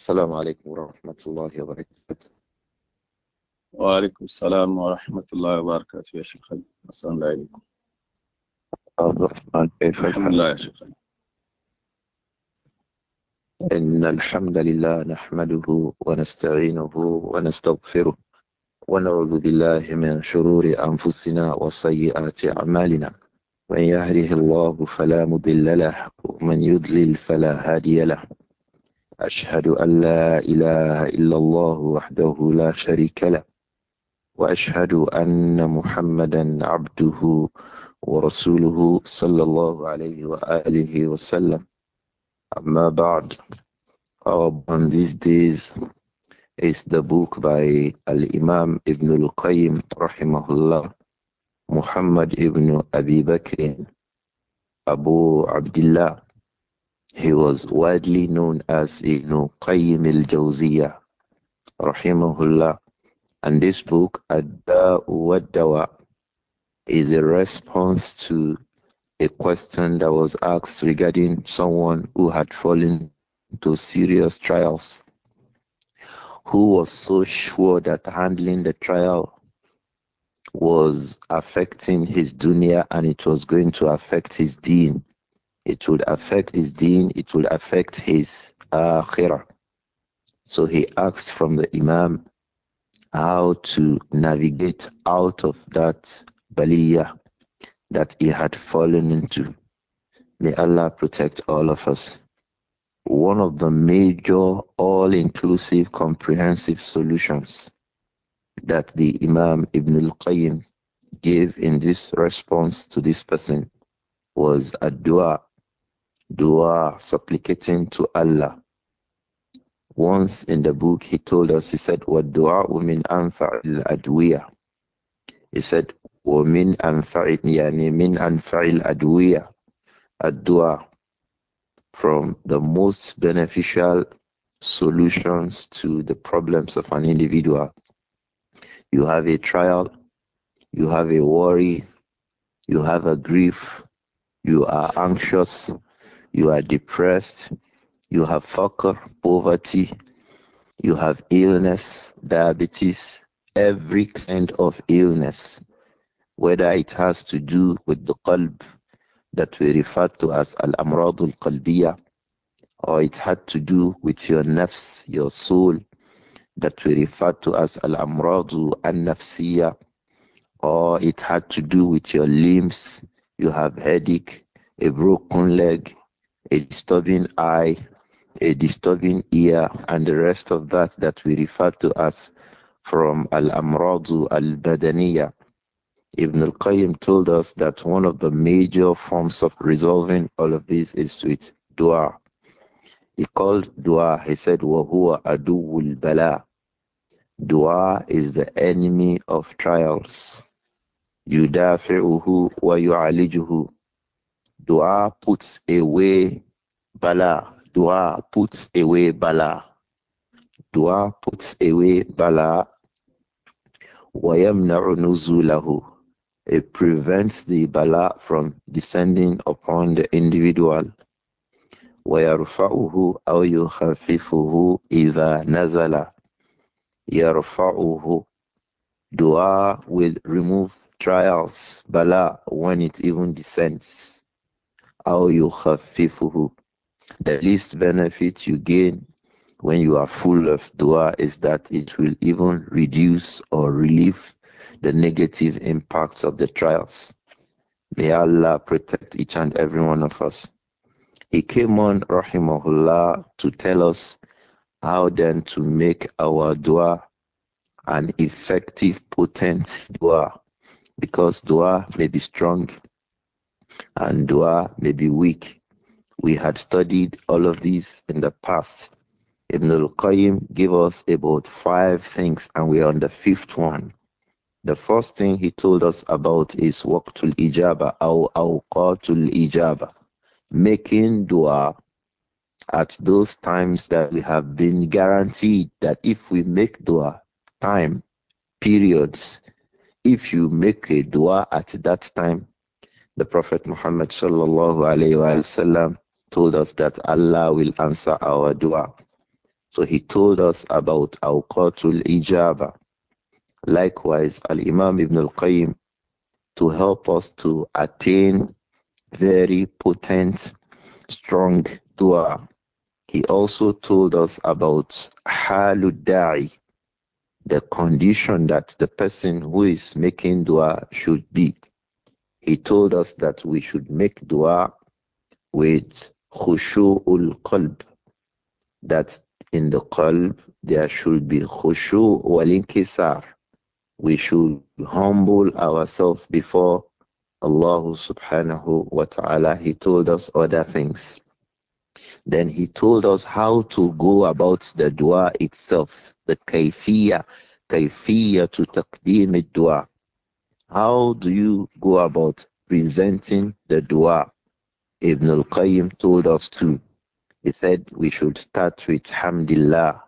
السلام عليكم ورحمة الله وبركاته وعليكم السلام ورحمة الله وبركاته يا شيخ السلام عليكم عبد الرحمن كيف الحمد لله يا شيخ إن الحمد لله نحمده ونستعينه ونستغفره ونعوذ بالله من شرور أنفسنا وسيئات أعمالنا من يهده الله فلا مضل له ومن يضلل فلا هادي له أشهد أن لا إله إلا الله وحده لا شريك له وأشهد أن محمدا عبده ورسوله صلى الله عليه وآله وسلم أما بعد on these days is the book by Al-Imam Ibn Al-Qayyim rahimahullah Muhammad Ibn Abi Bakr Abu Abdullah He was widely known as Ibn Qayyim al-Jawziyah, rahimahullah. And this book, Ad-Da'u is a response to a question that was asked regarding someone who had fallen to serious trials, who was so sure that handling the trial was affecting his dunya and it was going to affect his deen. It would affect his deen, it would affect his akhirah. So he asked from the Imam how to navigate out of that baliyah that he had fallen into. May Allah protect all of us. One of the major, all inclusive, comprehensive solutions that the Imam Ibn al Qayyim gave in this response to this person was a dua dua, supplicating to Allah. Once in the book, he told us, he said, "What dua min anfa'il adwiya." He said, "Women anfa'il yani min anfa'il adwiya." ad from the most beneficial solutions to the problems of an individual. You have a trial, you have a worry, you have a grief, you are anxious, you are depressed, you have fakr, poverty, you have illness, diabetes, every kind of illness, whether it has to do with the qalb that we refer to as al amradul qalbiya, or it had to do with your nafs, your soul, that we refer to as al amradul an nafsiya, or it had to do with your limbs, you have headache, a broken leg, a disturbing eye, a disturbing ear, and the rest of that that we refer to as from Al-Amradu Al-Badaniya. Ibn al-Qayyim told us that one of the major forms of resolving all of this is with dua. He called dua, he said, وَهُوَ أَدُوُّ bala. Dua is the enemy of trials. يُدَافِعُهُ وَيُعَالِجُهُ Dua puts away Bala. Dua puts away Bala. Dua puts away Bala. وَيَمْنَعُ نُزُولَهُ It prevents the Bala from descending upon the individual. وَيَرْفَعُهُ أَوْ يُخَفِّفُهُ إِذَا نَزَلَ يَرْفَعُهُ Dua will remove trials, Bala, when it even descends you have يخففه the least benefit you gain when you are full of dua is that it will even reduce or relieve the negative impacts of the trials. May Allah protect each and every one of us. He came on, Rahimahullah, to tell us how then to make our dua an effective, potent dua. Because dua may be strong, and dua may be weak. We had studied all of these in the past. Ibn al-Qayyim gave us about five things and we're on the fifth one. The first thing he told us about is waqtul ijaba or awqatul ijaba, making dua at those times that we have been guaranteed that if we make dua, time, periods, if you make a dua at that time, the Prophet Muhammad sallallahu wasallam told us that Allah will answer our dua. So he told us about awqatul ijaba. Likewise, Al Imam Ibn Al Qayyim to help us to attain very potent, strong dua. He also told us about haludai, the condition that the person who is making dua should be. He told us that we should make dua with khushu'ul qalb. That in the qalb there should be khushu' wal inkisar. We should humble ourselves before Allah subhanahu wa ta'ala. He told us other things. Then he told us how to go about the dua itself, the kayfiyah, kayfiyah to taqdeem dua how do you go about presenting the dua? Ibn al Qayyim told us to. He said we should start with Hamdillah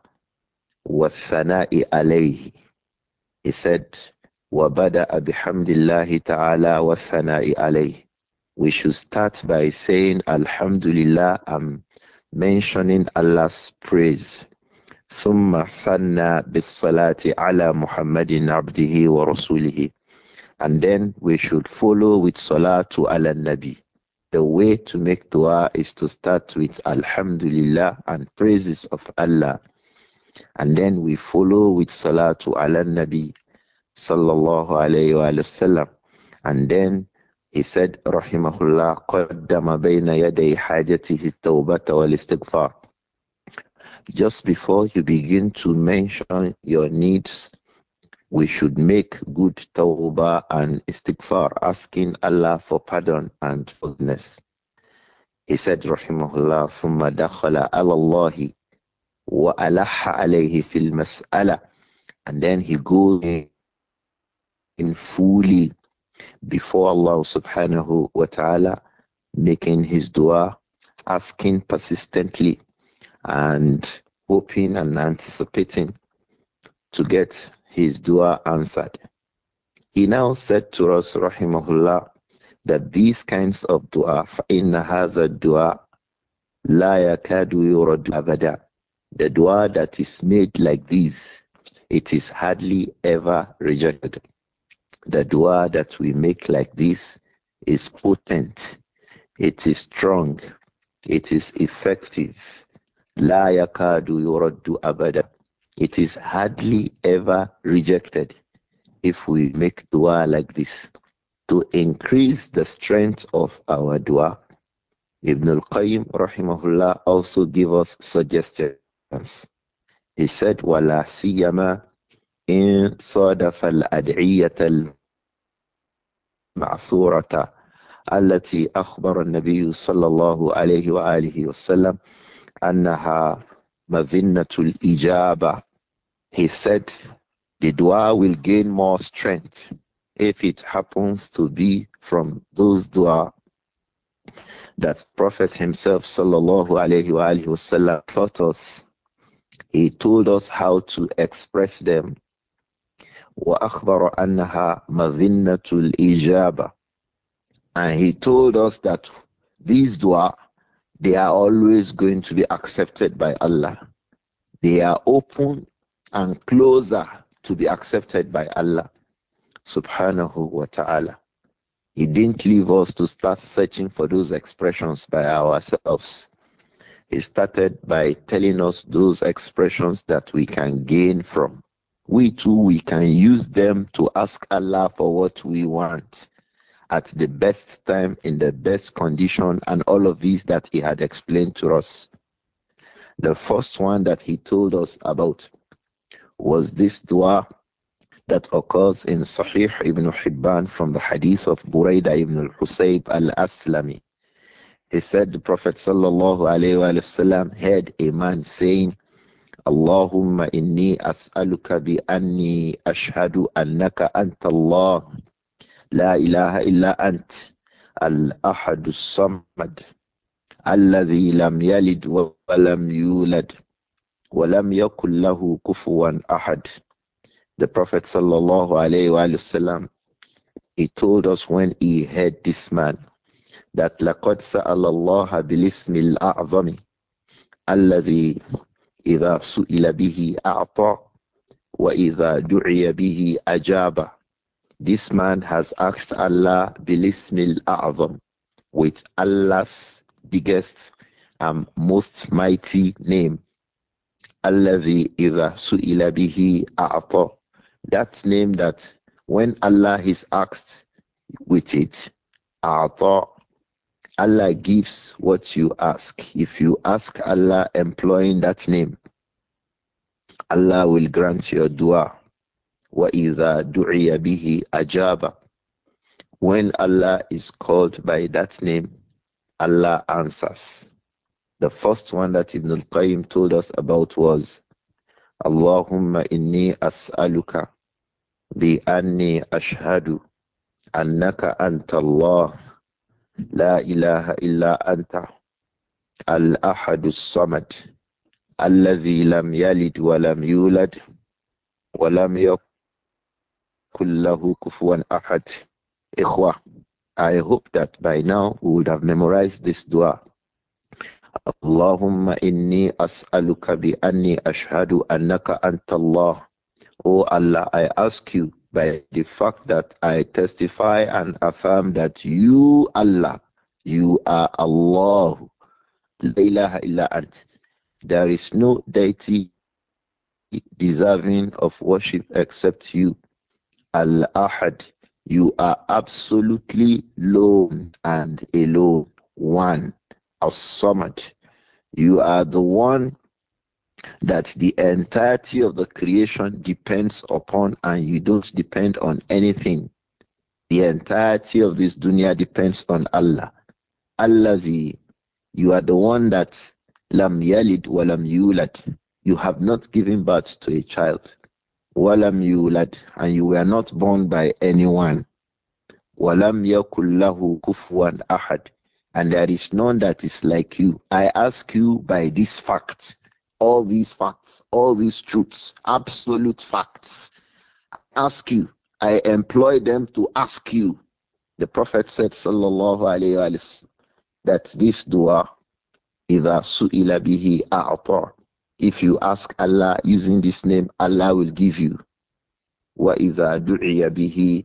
wa Thana'i alayhi. He said, وَبَدَأَ بِحَمْدِ taala wa وَالثَّنَاءِ عَلَيْهِ We should start by saying Alhamdulillah and mentioning Allah's praise. ثم Salati ala Muhammadin abdihi wa ورسوله and then we should follow with Salah to al Nabi. The way to make dua is to start with Alhamdulillah and praises of Allah. And then we follow with Salah to al Nabi sallallahu alayhi wa sallam. And then he said, Rahimahullah, bayna بَيْنَ يَدَيْ حَاجَتِهِ التَّوْبَةَ وَالْإِسْتِغْفَارِ Just before you begin to mention your needs we should make good tawbah and istighfar, asking Allah for pardon and forgiveness. He said, Rahimahullah, ثم دخل على الله وألح عليه في المسألة. And then he goes in fully before Allah subhanahu wa ta'ala, making his dua, asking persistently and hoping and anticipating to get his dua answered. He now said to us, rahimahullah, that these kinds of dua, فَإِنَّ هَذَا dua لَا يَكَادُ يُرَدُ أَبَدًا The dua that is made like this, it is hardly ever rejected. The dua that we make like this is potent, it is strong, it is effective. لَا يَكَادُ يُرَدُ أَبَدًا it is hardly ever rejected if we make dua like this. To increase the strength of our dua, Ibn al-Qayyim rahimahullah also give us suggestions. He said, وَلَا سِيَّمَا إِن صَادَفَ الْأَدْعِيَّةَ المعصورة التي أخبر النبي صلى الله عليه وآله وسلم أنها مذنة الإجابة he said, the dua will gain more strength if it happens to be from those dua that Prophet himself sallallahu alaihi wasallam taught us. He told us how to express them. and he told us that these dua they are always going to be accepted by Allah. They are open and closer to be accepted by Allah subhanahu wa ta'ala. He didn't leave us to start searching for those expressions by ourselves. He started by telling us those expressions that we can gain from. We too, we can use them to ask Allah for what we want at the best time, in the best condition, and all of these that He had explained to us. The first one that He told us about was this dua that occurs in Sahih ibn Hibban from the hadith of Buraidah ibn al-Husayb al-Aslami. He said the Prophet sallallahu alayhi wasallam heard a man saying, Allahumma inni as'aluka bi anni ashhadu annaka anta Allah la ilaha illa ant al-ahad as-samad alladhi lam yalid wa lam yulad وَلَمْ يَكُلْ لَهُ كُفُوًا أَحَدٌ The Prophet sallallahu alayhi wasallam, he told us when he heard this man that لَقَدْ سَأَلَ اللَّهَ بِالِاسْمِ الْأَعْظَمِ الَّذِي إِذَا سُئِلَ بِهِ أَعْطَى وَإِذَا دُعِيَ بِهِ أَجَابَ This man has asked Allah بِالِاسْمِ الْأَعْظَمِ with Allah's biggest and most mighty name. Allavi Ida Su'ila Bihi A'ata. That name that when Allah is asked with it, A'ata, Allah gives what you ask. If you ask Allah employing that name, Allah will grant your dua. وَإِذَا دُعِيَ بِهِ ajaba. When Allah is called by that name, Allah answers. The first one that Ibn al-Qayyim told us about was Allahumma inni as'aluka bi anni ashhadu annaka anta Allah la ilaha illa anta al-ahadu samad alladhi lam yalid wa lam yulad wa lam yakul lahu kufuwan ahad ikhwah I hope that by now we would have memorized this dua Allahumma inni as'aluka bi anni ashhadu annaka anta O oh Allah, I ask you by the fact that I testify and affirm that you, Allah, you are Allah. There is no deity deserving of worship except you. Al Ahad, you are absolutely lone and alone, one. As-Samad. You are the one that the entirety of the creation depends upon and you don't depend on anything. The entirety of this dunya depends on Allah. Allah the you are the one that lam yalid walam yulad. You have not given birth to a child. Walam yulad and you were not born by anyone. Walam yakullahu kufuwan ahad and there is none that is like you. I ask you by these facts, all these facts, all these truths, absolute facts. Ask you. I employ them to ask you. The Prophet said, Sallallahu Alaihi Wasallam, that this dua, إِذَا سُئِلَ بِهِ أَعْطَى If you ask Allah using this name, Allah will give you. وَإِذَا دُعِيَ بِهِ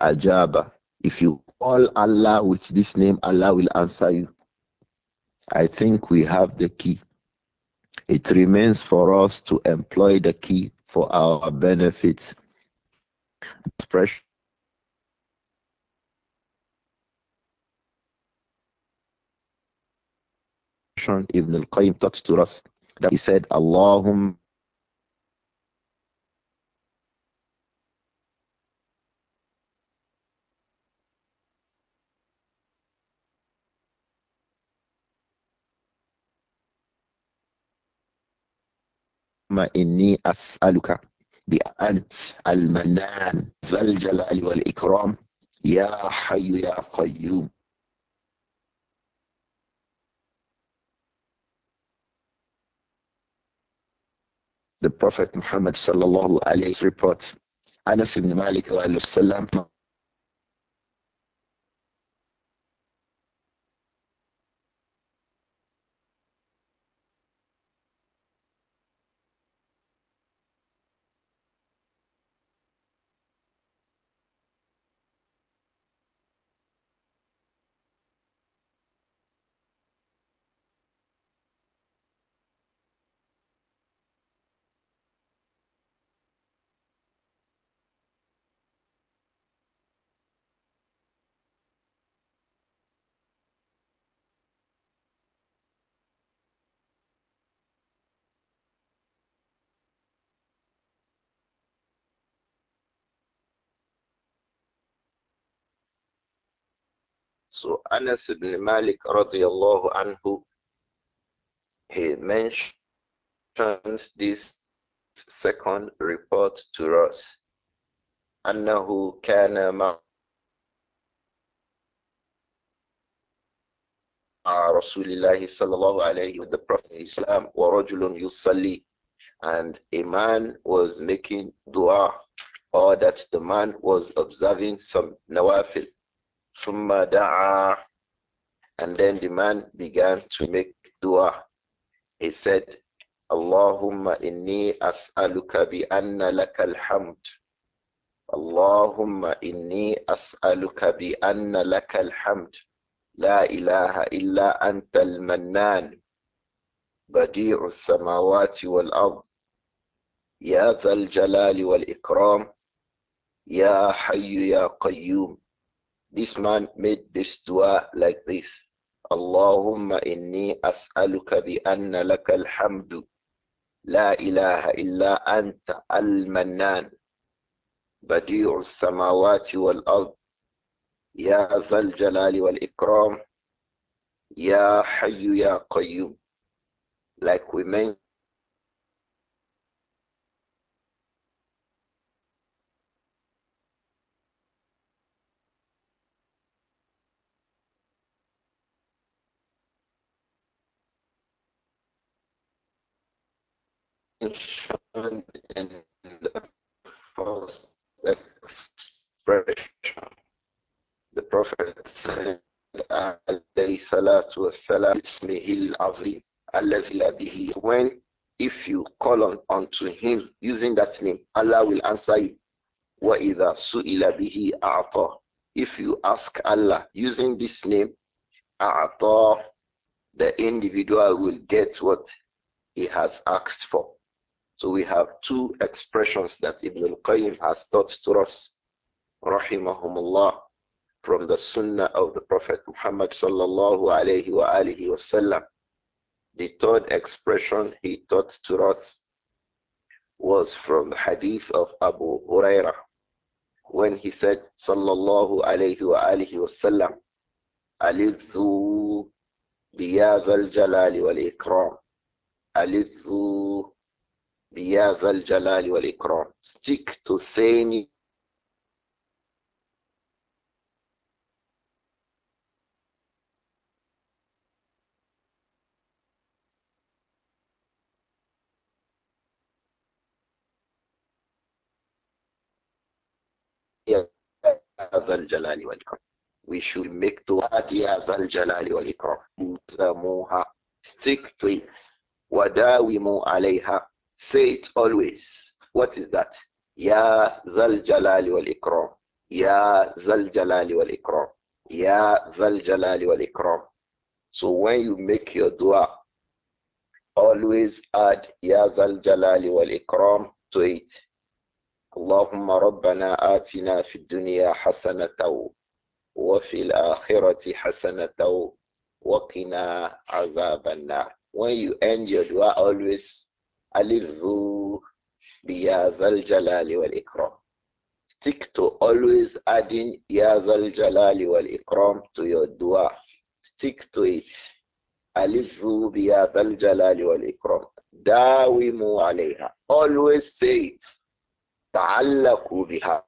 أَجَابَ If you all Allah with this name, Allah will answer you. I think we have the key. It remains for us to employ the key for our benefits. Expression Ibn al-Qayyim taught to us that he said, Allahumma اللهم إني أسألك بأنت المنان ذا الجلال والإكرام يا حي يا قيوم The Prophet Muhammad sallallahu alayhi reports Anas ibn Malik alayhi salam So Anas ibn Malik radiallahu anhu, he mentions this second report to us. أنه كان مع رسول الله صلى الله عليه with the Prophet Islam ورجل يصلي and a man was making dua or that the man was observing some nawafil ثم دعا and then the man began to make dua he said اللهم إني أسألك بأن لك الحمد اللهم إني أسألك بأن لك الحمد لا إله إلا أنت المنان بديع السماوات والأرض يا ذا الجلال والإكرام يا حي يا قيوم This man made this dua like this. Allahumma inni as'aluka bi anna laka alhamdu. La ilaha illa anta al-mannan. Badi'u samawati wal-ard. Ya dhal jalali wal-ikram. Ya hayyu ya qayyum. Like we mentioned mentioned in the first expression. The Prophet said, When, if you call on unto him using that name, Allah will answer you. وَإِذَا سُئِلَ بِهِ أَعْطَى If you ask Allah using this name, أَعْطَى, the individual will get what he has asked for. So we have two expressions that Ibn al-Qayyim has taught to us, rahimahumullah, from the Sunnah of the Prophet Muhammad sallallahu alayhi wa alihi wasallam. The third expression he taught to us was from the Hadith of Abu Huraira, when he said sallallahu alayhi wa alihi wasallam alidhu biyadha al Jalal wal-ikram alidhu يا ذا الجلال والإكرام stick to same ذا الجلال والإكرام we should make to add يا ذا الجلال والإكرام سموها stick to it وداوموا عليها Say it always. What is that? Ya Zal Jalali wal Ikram. Ya Zal Jalali wal Ikram. Ya Zal Jalali wal Ikram. So when you make your dua, always add Ya Zal Jalali wal Ikram to it. اللهم ربنا آتنا في الدنيا حسنة وفي الآخرة حسنة وقنا عذاب النار. When you end your dua, always Alizu biya jalali wal ikram. Stick to always adding ya zal jalali wal ikram to your dua. Stick to it. Alizu biya zal jalali wal ikram. Dawimu alayha. Always say it. Ta'allaku biha.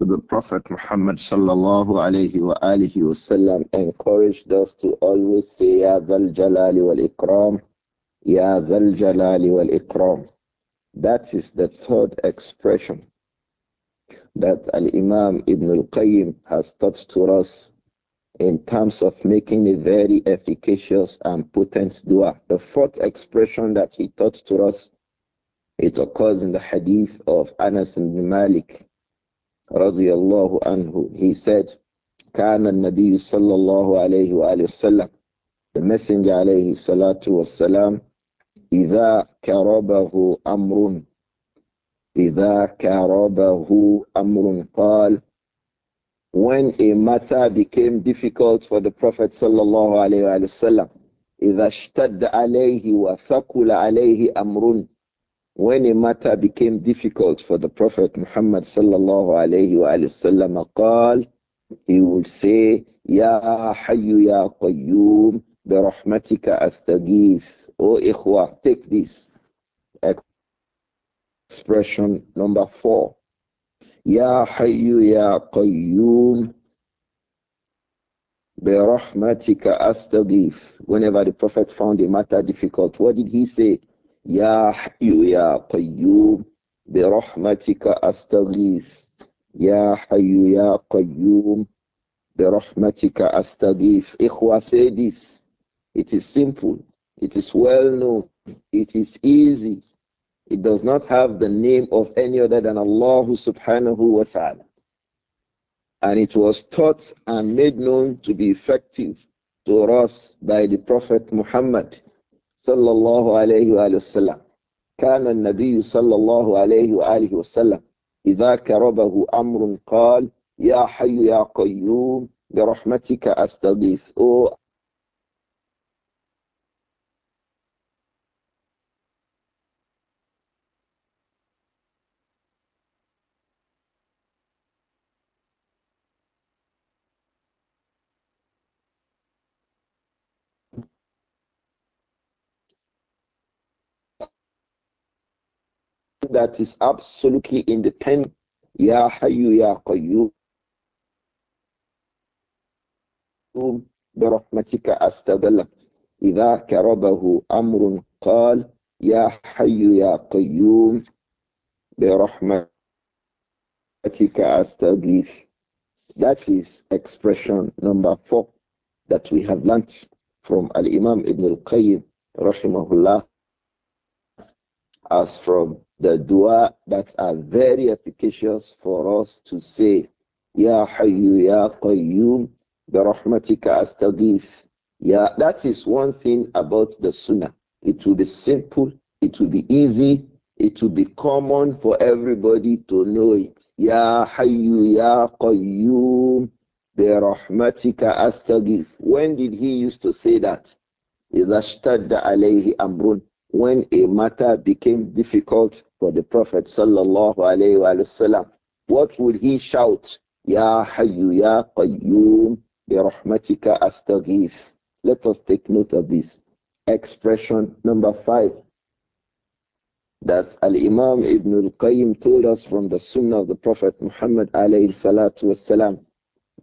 the Prophet Muhammad sallallahu alayhi wa alihi wasallam encouraged us to always say Ya Dhal Jalali wal Ikram, Ya Dhal Jalali wal Ikram. That is the third expression that Al Imam Ibn Al Qayyim has taught to us in terms of making a very efficacious and potent dua. The fourth expression that he taught to us, it occurs in the hadith of Anas ibn Malik رضي الله عنه he said كان النبي صلى الله عليه وآله وسلم the messenger عليه الصلاة والسلام إذا كربه أمر إذا كربه أمر قال when a matter became difficult for the Prophet sallallahu alayhi wa sallam إذا اشتد عليه وثقل عليه أمر when a matter became difficult for the Prophet Muhammad sallallahu alayhi wa sallam قال, he would say, Ya Hayyu Ya Qayyum, rahmatika astagis. Oh, ikhwa, take this. Expression number four. Ya Hayyu Ya Qayyum, rahmatika astagis. Whenever the Prophet found a matter difficult, what did he say? يا حي يا قيوم برحمتك أستغيث يا حي يا قيوم برحمتك أستغيث إخوة say it is simple it is well known it is easy it does not have the name of any other than Allah subhanahu wa ta'ala and it was taught and made known to be effective to us by the Prophet Muhammad صلى الله عليه وآله وسلم كان النبي صلى الله عليه وآله وسلم إذا كربه أمر قال يا حي يا قيوم برحمتك أستغيث أو that is absolutely independent. Ya Hayyu Ya Qayyum. برحمتك أستغلق إذا كربه أمر قال يا حي يا قيوم برحمتك أستغيث That is expression number four that we have learnt from Al-Imam Ibn Al-Qayyim rahimahullah as from the dua that are very efficacious for us to say, Ya Hayyu Ya Qayyum, rahmatika Astaghith. Yeah, that is one thing about the Sunnah. It will be simple, it will be easy, it will be common for everybody to know it. Ya Hayyu Ya Qayyum, rahmatika Astaghith. When did he used to say that? إذا اشتد عليه أمر when a matter became difficult for the Prophet sallallahu alaihi wasallam, what would he shout? Ya Hayyu Ya Qayyum bi rahmatika astaghith. Let us take note of this expression number five that Al Imam Ibn Al Qayyim told us from the Sunnah of the Prophet Muhammad alayhi salatu wasalam.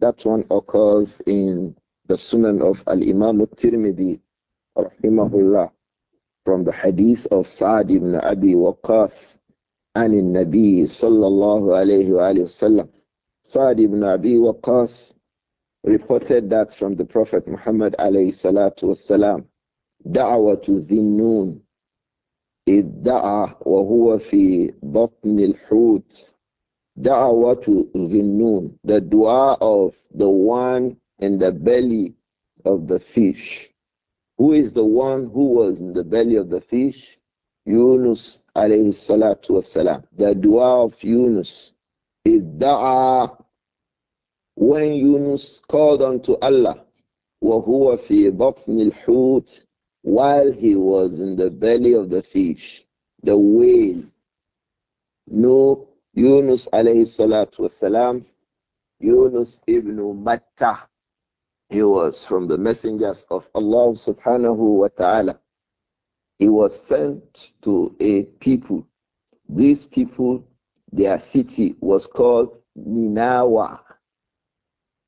That one occurs in the Sunnah of Al Imam Al Tirmidhi rahimahullah from the hadith of Sa'd ibn Abi Waqqas and in Nabi sallallahu alayhi wa sallam. Sa'd ibn Abi Waqqas reported that from the Prophet Muhammad alayhi salatu wasalam. دعوة الذنون إذ دعا وهو في بطن الحوت دعوة Zinnun. the dua of the one in the belly of the fish who is the one who was in the belly of the fish? Yunus alayhi salatu wasalam. The dua of Yunus. Idda'a when Yunus called unto Allah, wa huwa fi بَطْنِ hoot, while he was in the belly of the fish, the whale. No, Yunus alayhi salatu wasalam, Yunus ibn Matta, he was from the messengers of Allah subhanahu wa ta'ala. He was sent to a people. These people, their city was called Ninawa,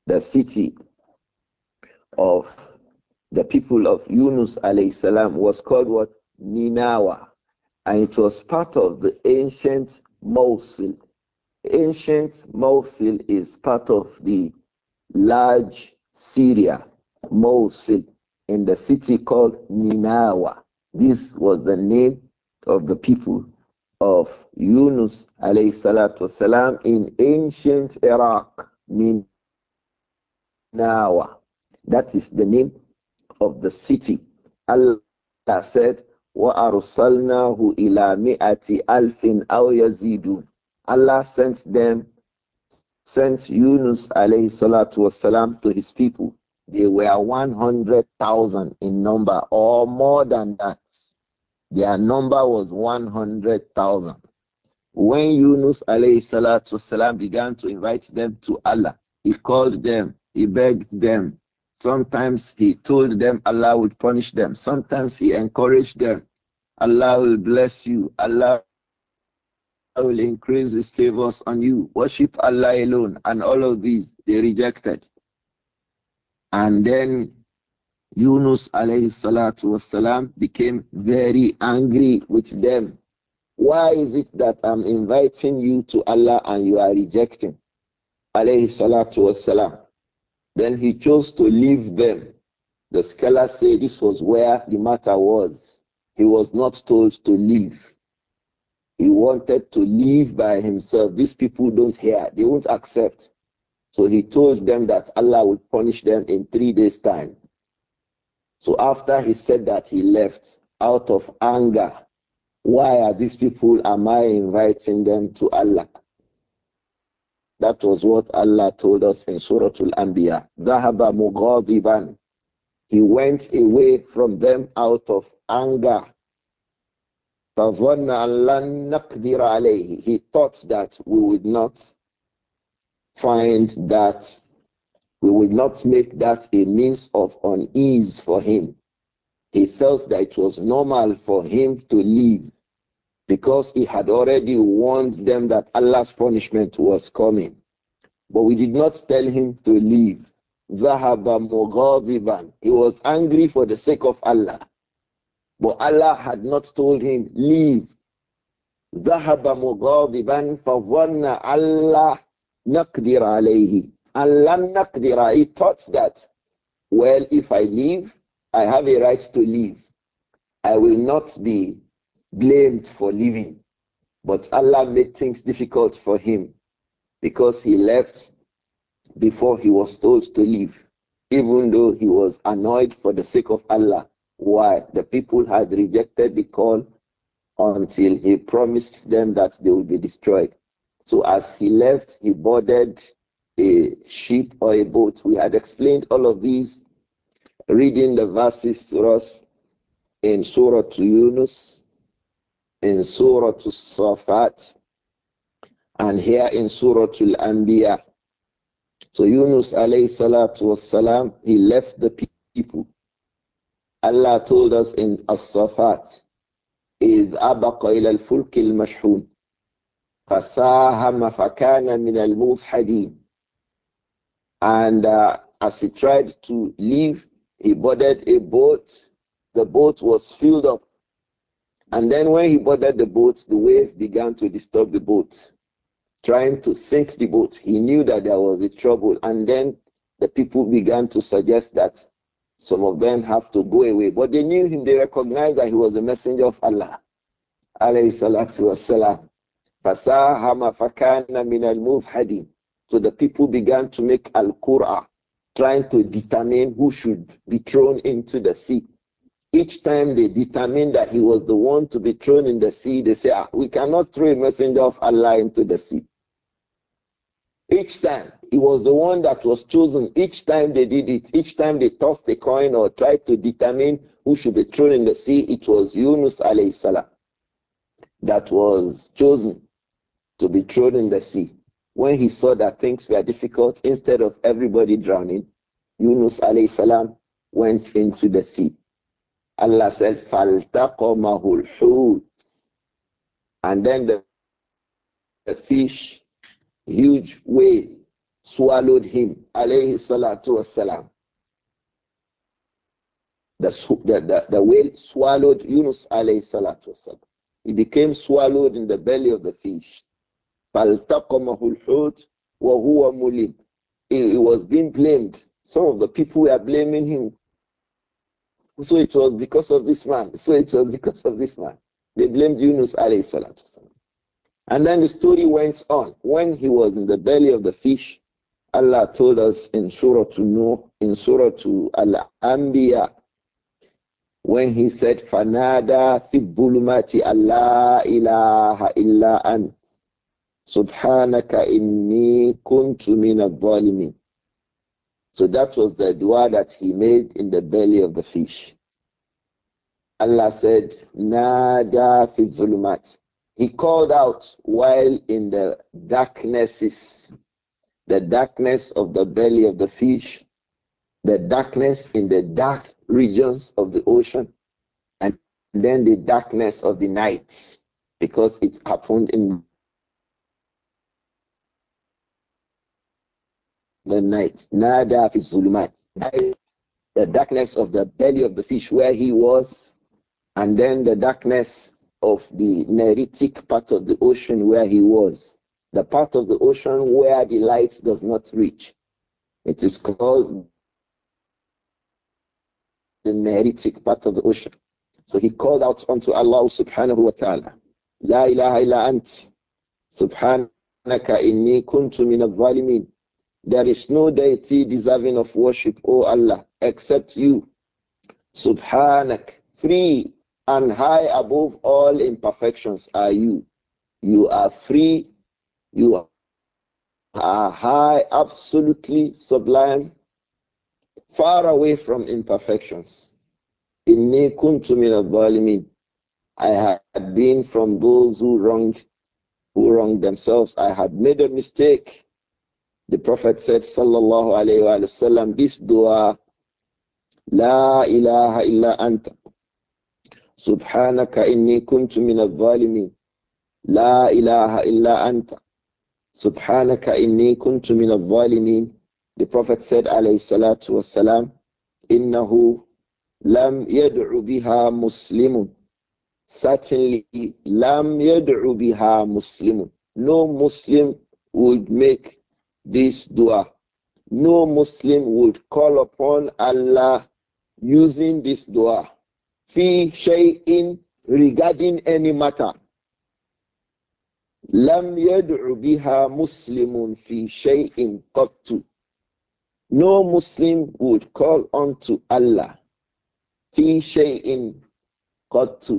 the city of the people of Yunus alayhi salam was called what? Ninawa. And it was part of the ancient Mosul. Ancient Mosul is part of the large Syria, Mosul, in the city called Ninawa. This was the name of the people of Yunus alayhi salatu wasalam in ancient Iraq, Ninawa. That is the name of the city. Allah said, وَأَرْسَلْنَاهُ إِلَى مِئَةِ أَلْفٍ أَوْ يَزِيدُونَ Allah sent them sent Yunus alayhi salatu wasalam to his people. They were 100,000 in number or more than that. Their number was 100,000. When Yunus alayhi salatu wasalam began to invite them to Allah, he called them, he begged them. Sometimes he told them Allah would punish them. Sometimes he encouraged them. Allah will bless you. Allah I will increase his favors on you. Worship Allah alone. And all of these, they rejected. And then Yunus alayhi salatu wasalam became very angry with them. Why is it that I'm inviting you to Allah and you are rejecting? Alayhi salatu wasalam. Then he chose to leave them. The scholars say this was where the matter was. He was not told to leave he wanted to live by himself. These people don't hear, they won't accept. So he told them that Allah will punish them in three days' time. So after he said that, he left out of anger. Why are these people? Am I inviting them to Allah? That was what Allah told us in Surah Al-Anbiya. Dhahaba mughadiban. He went away from them out of anger. He thought that we would not find that, we would not make that a means of unease for him. He felt that it was normal for him to leave because he had already warned them that Allah's punishment was coming. But we did not tell him to leave. He was angry for the sake of Allah. But Allah had not told him, leave. ذهب مغاضبا فظن Allah نقدر عليه Allah نقدر he thought that well if I leave I have a right to leave I will not be blamed for leaving but Allah made things difficult for him because he left before he was told to leave even though he was annoyed for the sake of Allah why? The people had rejected the call until he promised them that they will be destroyed. So as he left, he boarded a ship or a boat. We had explained all of these, reading the verses to us in Surah to Yunus, in Surah to Safat, and here in Surah to Al-Anbiya. So Yunus alayhi salatu was salam, he left the people. Allah told us in As-Safat, إِذْ أَبَقَ إِلَى الْفُلْكِ الْمَشْحُونِ فَسَاهَمَ فَكَانَ مِنَ الْمُوفْحَدِينَ And uh, as he tried to leave, he boarded a boat. The boat was filled up. And then when he boarded the boat, the wave began to disturb the boat, trying to sink the boat. He knew that there was a trouble. And then the people began to suggest that some of them have to go away, but they knew him. They recognized that he was a messenger of Allah. Alayhi salatu wasalam. min So the people began to make al qura trying to determine who should be thrown into the sea. Each time they determined that he was the one to be thrown in the sea, they say, ah, we cannot throw a messenger of Allah into the sea. Each time, he was the one that was chosen. Each time they did it, each time they tossed a coin or tried to determine who should be thrown in the sea, it was Yunus alayhi salam that was chosen to be thrown in the sea. When he saw that things were difficult, instead of everybody drowning, Yunus alayhi salam went into the sea. Allah said, فَالْتَقَمَهُ الْحُوتِ And then the, the fish huge whale swallowed him, alayhi salatu wasalam. The, the, the, whale swallowed Yunus alayhi salatu wasalam. He became swallowed in the belly of the fish. He, he was being blamed. Some of the people were blaming him. So it was because of this man. So it was because of this man. They blamed Yunus alayhi salatu wasalam. And then the story went on. When he was in the belly of the fish, Allah told us in Surah to know in Surah to Allah, Anbiya, when he said, Fanada thibbulumati Allah ilaha illa an. Subhanaka inni kuntu min al So that was the dua that he made in the belly of the fish. Allah said, Nada fi he called out while in the darknesses, the darkness of the belly of the fish, the darkness in the dark regions of the ocean, and then the darkness of the night, because it happened in the night. Nada fi zulumat. The darkness of the belly of the fish where he was, and then the darkness of the Neritic part of the ocean where he was, the part of the ocean where the light does not reach. It is called the Neritic part of the ocean. So he called out unto Allah subhanahu wa ta'ala, La ilaha illa ant, subhanaka inni kuntu min al There is no deity deserving of worship, O Allah, except you. Subhanak, free and high above all imperfections are you. You are free. You are high, absolutely sublime, far away from imperfections. min I had been from those who wronged, who wronged themselves. I had made a mistake. The Prophet said, Sallallahu Alaihi Wasallam, this dua, La ilaha illa anta. سبحانك إني كنت من الظالمين لا إله إلا أنت سبحانك إني كنت من الظالمين The Prophet said عليه الصلاة والسلام إنه لم يدع بها مسلم Certainly لم يدع بها مسلم No Muslim would make this dua No Muslim would call upon Allah using this dua fi shay'in regarding any matter. Lam yad'u biha muslimun fi shay'in qattu. No Muslim would call unto Allah fi shay'in qattu.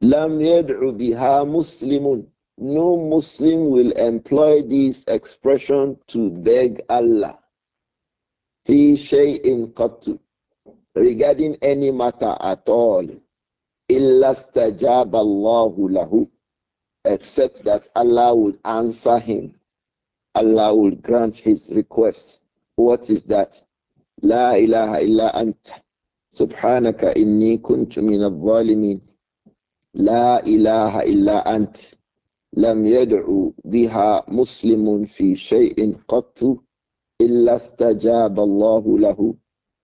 Lam yad'u biha muslimun. No Muslim will employ this expression to beg Allah. Fi shay'in qattu regarding any matter at all lahu except that Allah will answer him Allah will grant his request what is that la ilaha illa anta subhanaka inni kuntu min adh-dhalimin la ilaha illa ant لم يدعو بها مسلم في شيء قط إلا استجاب الله له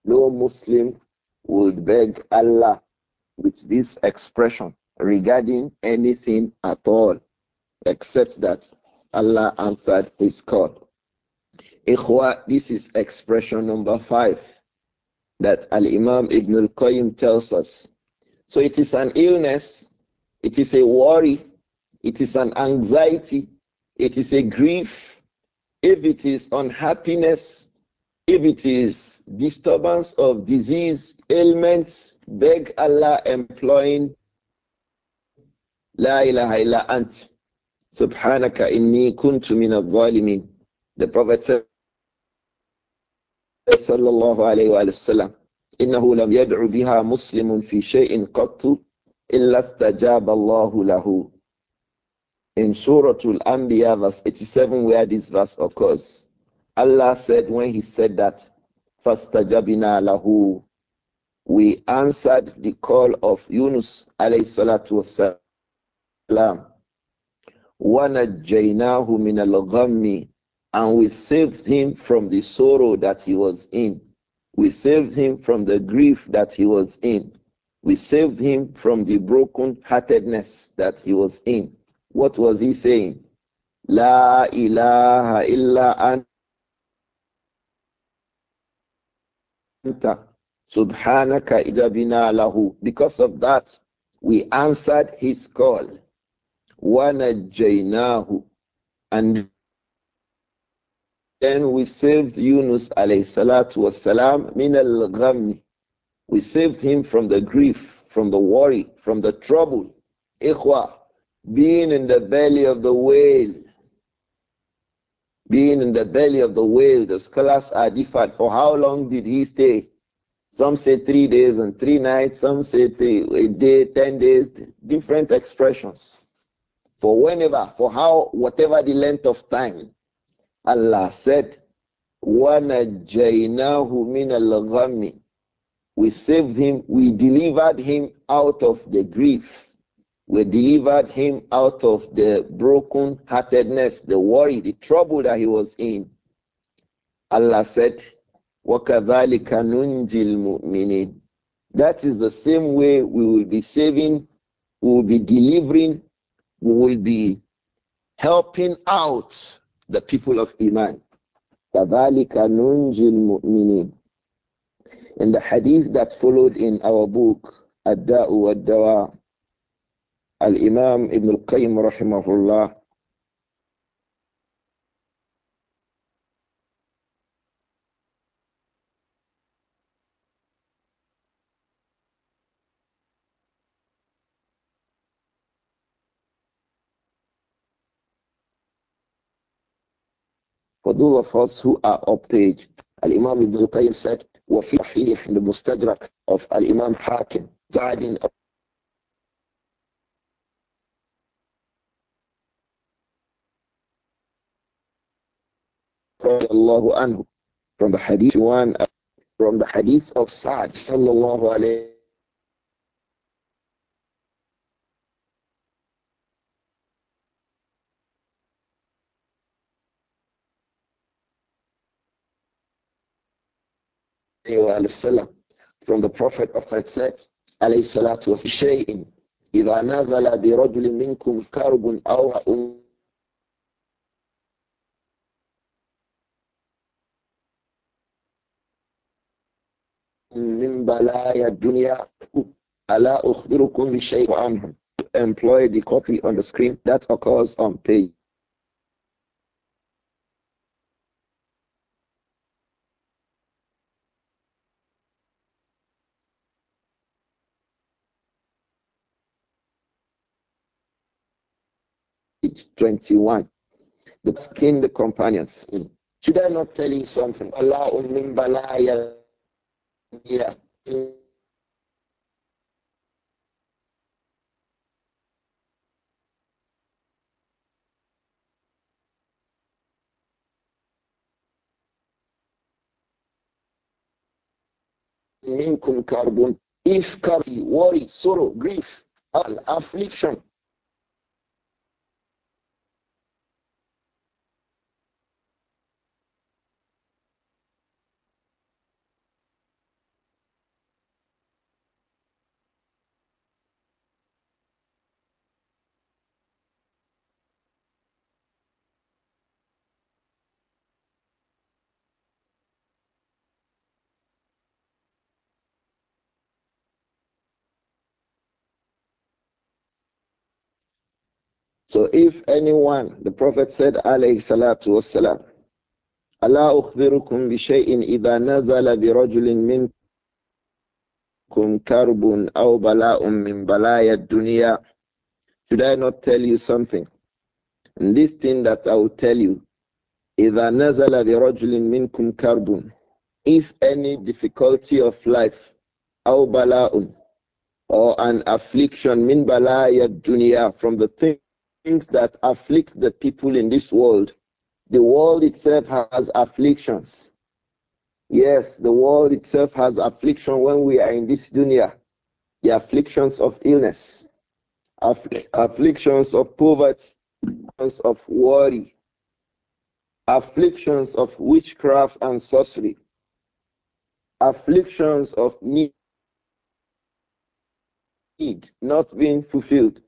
no Muslim would beg Allah with this expression regarding anything at all, except that Allah answered his call. Ikhwa, this is expression number five that Al Imam Ibn al Qayyim tells us. So it is an illness, it is a worry, it is an anxiety, it is a grief. If it is unhappiness, if it is disturbance of disease, ailments, beg Allah employing La ilaha illa ant. Subhanaka inni kuntu min al-zalimin. The Prophet said, صلى الله عليه وآله وسلم إنه لم يدع بها مسلم في شيء قط إلا استجاب الله in Surah Al-Anbiya verse 87 where this verse occurs Allah said when He said that, فَاسْتَجَبْنَا لَهُ We answered the call of Yunus alayhi salatu wasalam. وَنَجَّيْنَاهُ مِنَ الْغَمِّ And we saved him from the sorrow that he was in. We saved him from the grief that he was in. We saved him from the broken heartedness that he was in. What was he saying? La ilaha illa ant anta subhanaka idabina lahu. Because of that, we answered his call. وَنَجَّيْنَاهُ And then we saved Yunus alayhi salatu wasalam min al We saved him from the grief, from the worry, from the trouble. Ikhwa, being in the belly of the whale being in the belly of the whale, the scholars are differed. For how long did he stay? Some say three days and three nights, some say three, a day, ten days, different expressions. For whenever, for how, whatever the length of time, Allah said, وَنَجَّيْنَاهُ مِنَ الْغَمِّ We saved him, we delivered him out of the grief we delivered him out of the broken heartedness, the worry, the trouble that he was in. Allah said, وَكَذَلِكَ نُنْجِي الْمُؤْمِنِينَ That is the same way we will be saving, we will be delivering, we will be helping out the people of Iman. كَذَلِكَ نُنْجِي الْمُؤْمِنِينَ In the hadith that followed in our book, Ad-Da'u Al-Imam Ibn al-Qayyim For those of us who are up page, Al-Imam Ibn al-Qayyim said, وفي المستدرك of Al-Imam Hakim, زاد radiallahu anhu from the hadith one from the hadith of Sa'd sallallahu alayhi وسلم from the Prophet Prophet said عليه الصلاة والسلام شيء إذا نزل برجل منكم كرب أو بلايا الدنيا ألا أخبركم بشيء employ the copy on the screen that occurs on page page 21 the skin the companions should i not tell you something allah balaya yeah minkum karbun if karbi worry sorrow grief al affliction So if anyone, the Prophet said, alayhi salatu wassalam, ألا أخبركم بشيء إذا نزل برجل منكم كرب أو بلاء من بلايا الدنيا Should I not tell you something? And this thing that I will tell you إذا نزل برجل منكم كرب If any difficulty of life أو بلاء or an affliction من بلايا الدنيا from the thing things that afflict the people in this world. The world itself has afflictions. Yes, the world itself has affliction when we are in this dunya. The afflictions of illness, affl afflictions of poverty, afflictions of worry, afflictions of witchcraft and sorcery, afflictions of need, need not being fulfilled,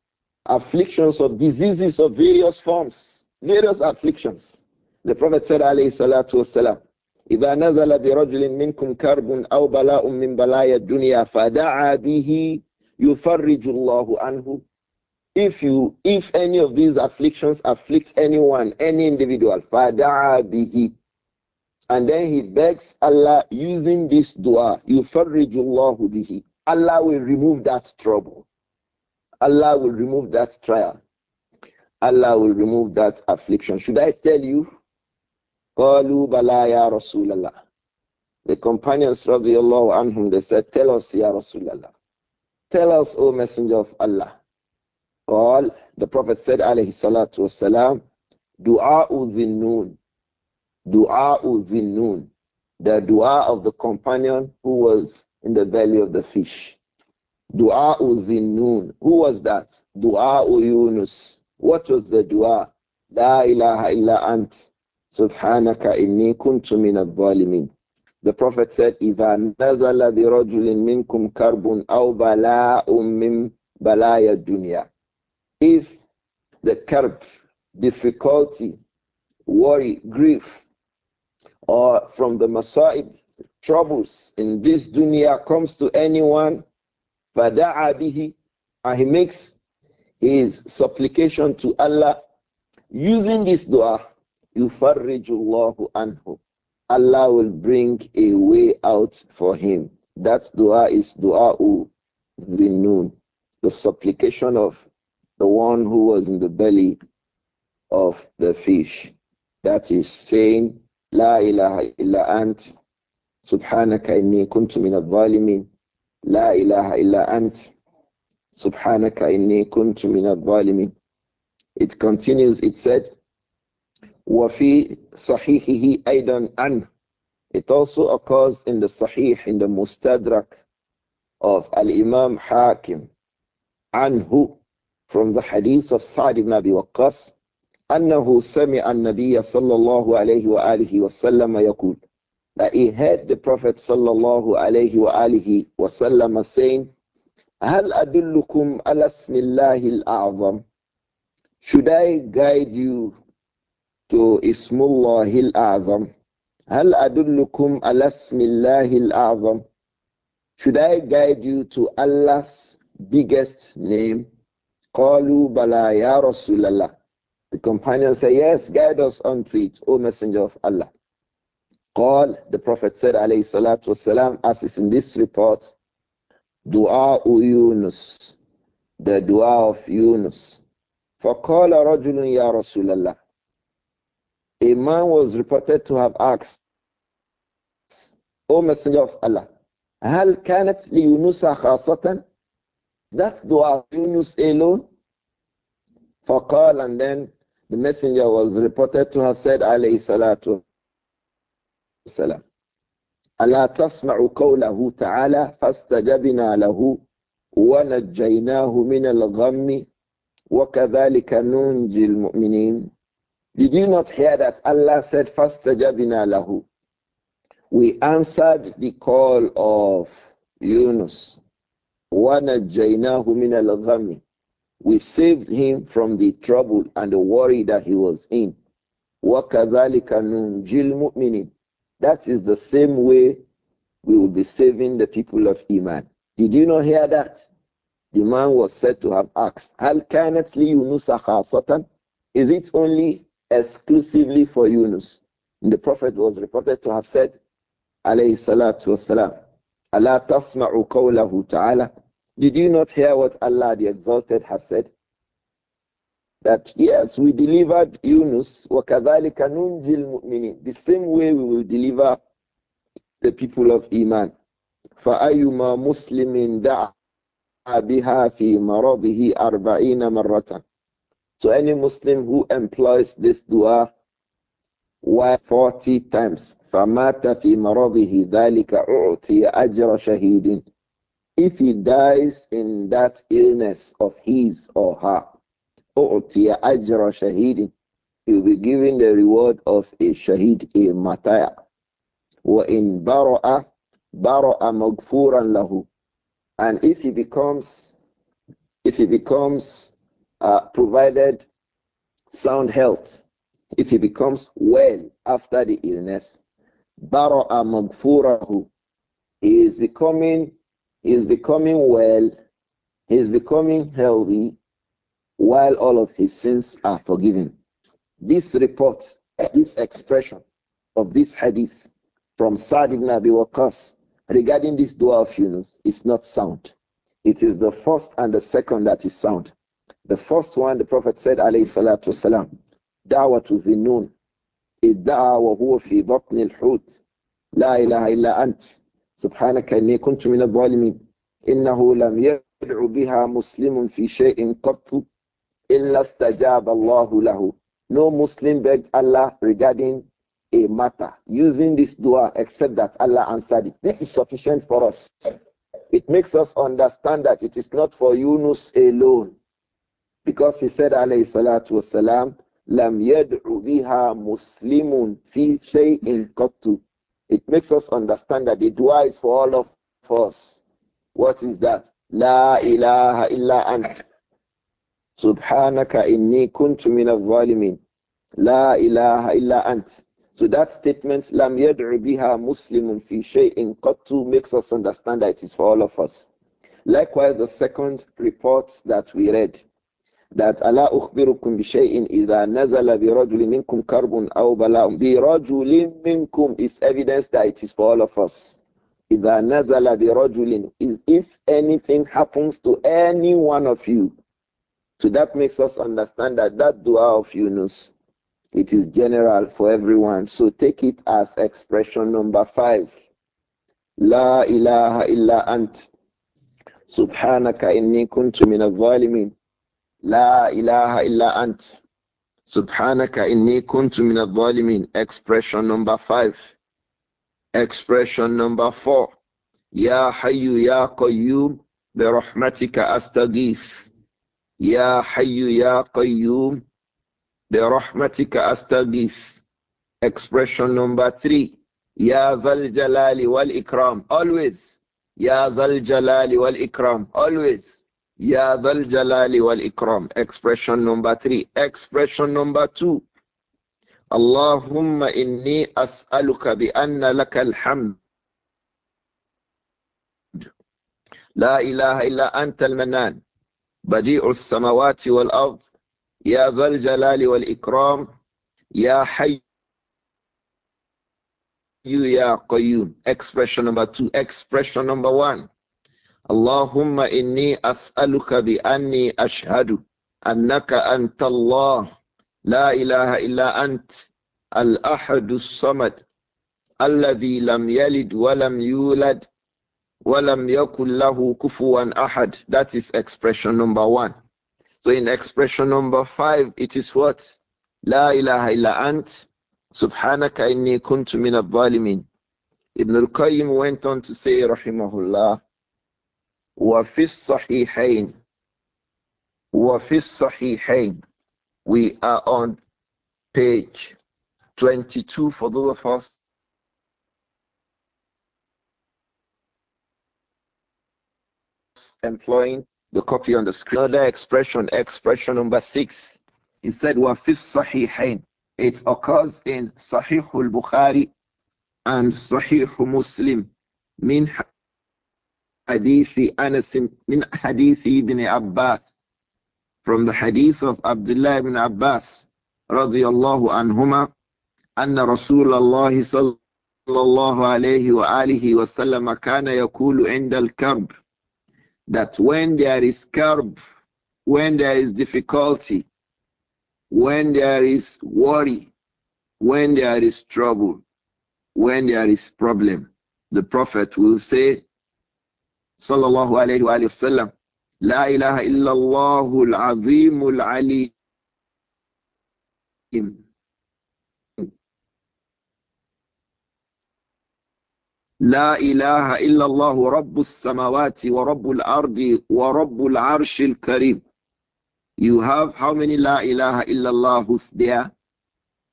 afflictions of diseases of various forms, various afflictions. The Prophet said, alayhi salatu wasalam, إذا نزل برجل منكم كرب أو بلاء من بلايا الدنيا فدعا به يفرج الله عنه if you if any of these afflictions afflicts anyone any individual فدعا به and then he begs Allah using this dua يفرج الله به Allah will remove that trouble Allah will remove that trial. Allah will remove that affliction. Should I tell you? Qalu bala ya Rasulallah. The companions radiallahu anhum, they said, tell us ya Rasulallah. Tell us, O Messenger of Allah. All the Prophet said, alayhi salatu wasalam, du'a'u dhinnun. Du'a'u dhinnun. The dua of the companion who was in the belly of the fish. Dua Uzinnun. Who was that? Dua Yunus. What was the dua? La ilaha illa ant. Subhanaka inni kuntu min al-zalimin. The Prophet said, إِذَا نَزَلَ بِرَجُلٍ مِّنْكُمْ كَرْبٌ أَوْ بَلَاءٌ مِّنْ بَلَايَ الدُّنْيَا If the curb, difficulty, worry, grief, or from the masa'ib, troubles in this dunya comes to anyone, Fada'a bihi. And he makes his supplication to Allah using this dua. Yufarrijullahu anhu. Allah will bring a way out for him. That dua is dua the noon, the supplication of the one who was in the belly of the fish. That is saying, La ilaha illa ant, subhanaka inni kuntu min al-zalimin, لا إله إلا أنت سبحانك إني كنت من الظالمين It continues, it said, وفي صحيحه أيضا an." It also occurs in the Sahih, in the Mustadrak of Al-Imam Hakim. Anhu, from the hadith of Sa'd ibn Abi Waqqas, أنه سمع النبي صلى الله عليه وآله وسلم يقول that he heard the Prophet sallallahu alayhi wa alihi wasallam saying, هل أدلكم على اسم الله الأعظم Should I guide you to اسم الله الأعظم هل أدلكم على اسم الله الأعظم Should I guide you to Allah's biggest name قالوا يا رسول الله The companion said, Yes, guide us unto it, O Messenger of Allah. Call the Prophet said, alayhi salatu wasalam, as is in this report, dua Yunus, the dua of Yunus. فَقَالَ رَجُلٌ يَا رَسُولَ اللَّهِ A man was reported to have asked, O Messenger of Allah, هل كانت ليونس خاصة? That dua of Yunus alone? فقال and then the messenger was reported to have said, alayhi salatu والسلام ألا تسمع قوله تعالى فاستجبنا له ونجيناه من الغم وكذلك ننجي المؤمنين Did you not hear that Allah said فاستجبنا له We answered the call of Yunus ونجيناه من الغم We saved him from the trouble and the worry that he was in وكذلك ننجي المؤمنين that is the same way we will be saving the people of Iman. Did you not hear that? The man was said to have asked, Hal kanat li Yunusa Satan? Is it only exclusively for Yunus? And the Prophet was reported to have said, alayhi salatu wasalam, Allah tasma'u ta'ala. Did you not hear what Allah the Exalted has said? that yes, we delivered Yunus, وَكَذَلِكَ نُنْجِي الْمُؤْمِنِينَ The same way we will deliver the people of Iman. فَأَيُّمَا مُسْلِمٍ دَعَى بِهَا فِي مَرَضِهِ أَرْبَعِينَ مَرَّةً So any Muslim who employs this dua why 40 times فَمَاتَ فِي مَرَضِهِ ذَلِكَ أُعْطِيَ أَجْرَ شَهِيدٍ If he dies in that illness of his or her, ajra shahidin. He'll be given the reward of a shahid, a mataya. Wa in bara'a, bara'a maghfuran lahu. And if he becomes, if he becomes uh, provided sound health, if he becomes well after the illness, bara'a maghfurahu. He is becoming, he is becoming well, he is becoming healthy, while all of his sins are forgiven. This report, this expression of this hadith from Sa'd ibn Abi Waqqas regarding this dua of Yunus is not sound. It is the first and the second that is sound. The first one, the Prophet said, alayhi salatu wasalam, da'watu zinnun, idda'a wa huwa fi batni al-hut, la ilaha illa ant, subhanaka inni kuntu min al-zalimin, innahu lam yad'u biha muslimun fi shay'in qattu, no Muslim begged Allah regarding a matter using this dua except that Allah answered it. This is sufficient for us. It makes us understand that it is not for Yunus alone. Because he said, alayhi salatu wasalam, lam yad'u biha muslimun fi shay'in qattu. It makes us understand that the dua is for all of us. What is that? La ilaha illa ant. Subhanaka inni kuntu min al-zalimin. La ilaha illa ant. So that statement, lam yad'u biha muslimun fi shay'in qattu makes us understand that it is for all of us. Likewise, the second report that we read, that Allah ukhbirukum bi shay'in idha nazala bi rajulin minkum karbun aw bala'un. Bi rajulin minkum is evidence that it is for all of us. Idha nazala bi rajulin is if anything happens to any one of you. So that makes us understand that that dua of Yunus, it is general for everyone. So take it as expression number five. La ilaha illa ant. Subhanaka inni kuntu min al-zalimin. La ilaha illa ant. Subhanaka inni kuntu min al-zalimin. Expression number five. Expression number four. Ya hayu ya qayyum. rahmatika astagif. Ya Hayyu Ya Qayyum Birahmatika Astagis. Expression number three. Ya Dhal Jalali wal Ikram. Always. Ya Dhal Jalali wal Ikram. Always. Ya Dhal Jalali wal Ikram. Expression number three. Expression number two. اللهم inni أسألك بأن لك الحمد La ilaha illa أنت المنان بديع السماوات والأرض يا ذا الجلال والإكرام يا حي You ya qayyum. Expression number two. Expression number one. Allahumma inni as'aluka bi anni ashhadu annaka anta Allah. La ilaha illa ant. Al-ahadu samad. Alladhi lam yalid wa lam yulad. Walam yakullahu kufuwan ahad. That is expression number one. So in expression number five, it is what? La ilaha illa ant. Subhanaka inni kuntu mina al-zalimin. Ibn al-Qayyim went on to say, rahimahullah, wa fi sahihain wa fi sahihain We are on page 22 for those of us employing the copy on the screen. Another expression, expression number six. He said, وَفِي sahihain. It occurs in Sahih al-Bukhari and Sahih Muslim. Min hadithi Anas, min hadithi ibn Abbas. From the hadith of Abdullah ibn Abbas, radiyallahu anhuma, anna Rasulullah sallallahu alayhi wa alihi wa sallam kana yakulu عند الكرب that when there is curb, when there is difficulty, when there is worry, when there is trouble, when there is problem, the Prophet will say, Sallallahu Alaihi Wasallam, La ilaha illallahul azimul alim. لا إله إلا الله رب السماوات ورب الأرض ورب العرش الكريم You have how many La ilaha إلا الله there?